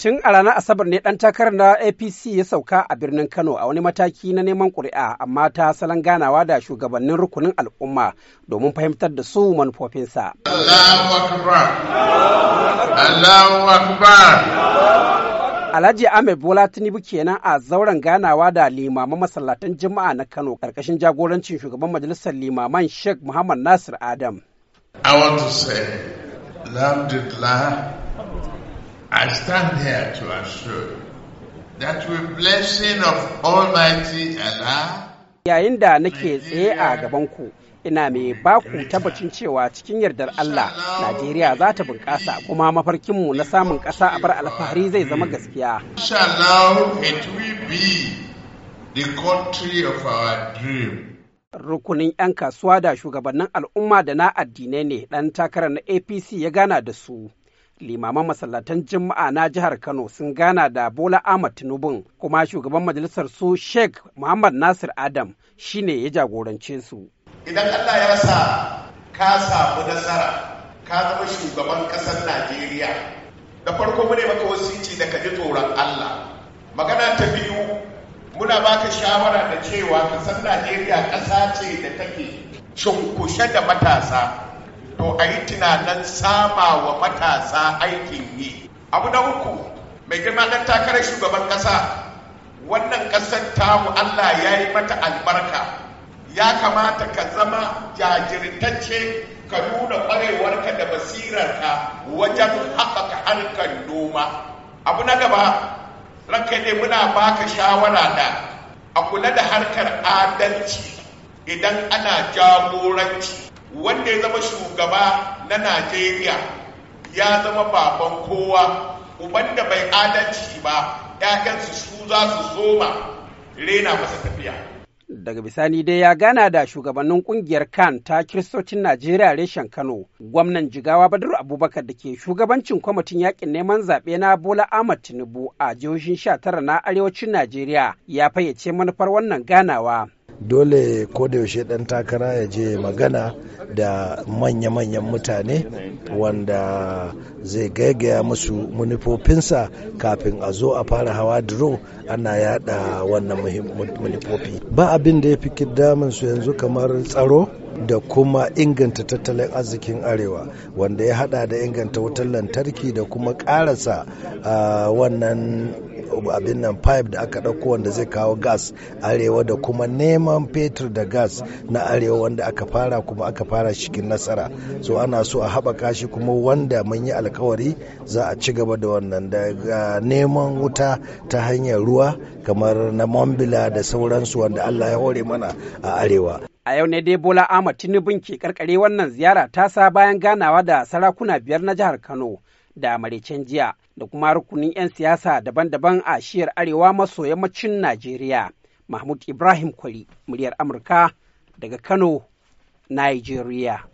Tun a ranar Asabar ne ɗan takarar na APC ya sauka a birnin Kano a wani mataki na neman ƙuri'a amma ta salon ganawa da shugabannin rukunin al'umma domin fahimtar da su manufofinsa. Alhaji Ahmed Bola Tinubu kenan a zauren ganawa da limaman masallatan Juma'a na Kano ƙarƙashin jagorancin shugaban majalisar limaman Sheikh Muhammad Nasir Adam. I want to say, Alhamdulillah, I stand here to assure that with blessing of Almighty Allah. Yayin da nake tsaye a gabanku, ina mai baku tabbacin cewa cikin yardar Allah, Najeriya za ta bunƙasa kuma mafarkinmu na samun ƙasa a bar alfahari zai zama gaskiya. rukunin 'yan kasuwa da shugabannin al'umma da na addinai ne ɗan takarar na apc ya gana da su limaman masallatan Juma'a na jihar Kano sun gana da Bola Ahmad Tinubu kuma shugaban majalisar su Sheikh Muhammad Nasir Adam shine ya jagorance su. Idan Allah ya sa ka samu nasara ka zama shugaban ƙasar Najeriya da farko mune maka wasici da ka ji tsoron Allah. Magana ta biyu muna baka shawara da cewa ƙasar Najeriya ƙasa ce da take cunkushe da matasa to a yi tunanin sama wa matasa aikin yi abu na uku mai girma na takarar shugaban ƙasa wannan ƙasar mu allah ya yi mata albarka ya kamata ka zama jajirtacce ka nuna ƙwarewarka da basirarka wajen haɓaka harkar noma abu na gaba ranka ne muna baka shawara da a kula da harkar adalci idan ana jagoranci wanda ya zama shugaba na najeriya ya zama baban kowa uban da bai adalci ba 'ya'yansu su za su zoma rena masa tafiya daga bisani dai ya gana da shugabannin kungiyar kan ta kiristocin najeriya reshen kano gwamnan jigawa badar abubakar da ke shugabancin kwamitin yakin neman zaɓe na bola ahmad tinubu a jihohin 19 na arewacin najeriya ya fayyace manufar wannan ganawa dole yaushe dan takara ya je magana da manya-manyan mutane wanda zai gaigaya musu manufofinsa kafin a zo a fara hawa duro ana yada wannan manufofi ba abin da ya fi damun su yanzu kamar tsaro da kuma inganta tattalin arzikin arewa wanda ya hada da inganta wutar lantarki da kuma karasa ah, wannan abin nan pipe da aka ɗauko wanda zai kawo gas arewa da kuma neman fetur da gas na arewa wanda aka fara kuma aka fara cikin nasara so ana so a haɓaka shi kuma wanda mun yi alkawari za a ci gaba da wannan daga neman wuta ta hanyar ruwa kamar na mambila da sauransu wanda allah ya hore mana a arewa A yau ne dai Bola Ahmad Tinubu ke karkare wannan ziyara tasa bayan ganawa da sarakuna biyar na jihar Kano da Maricen jiya da kuma rukunin 'yan siyasa daban-daban a shiyar arewa maso yammacin Najeriya. Mahmud Ibrahim Kwari, muryar Amurka daga Kano, Najeriya.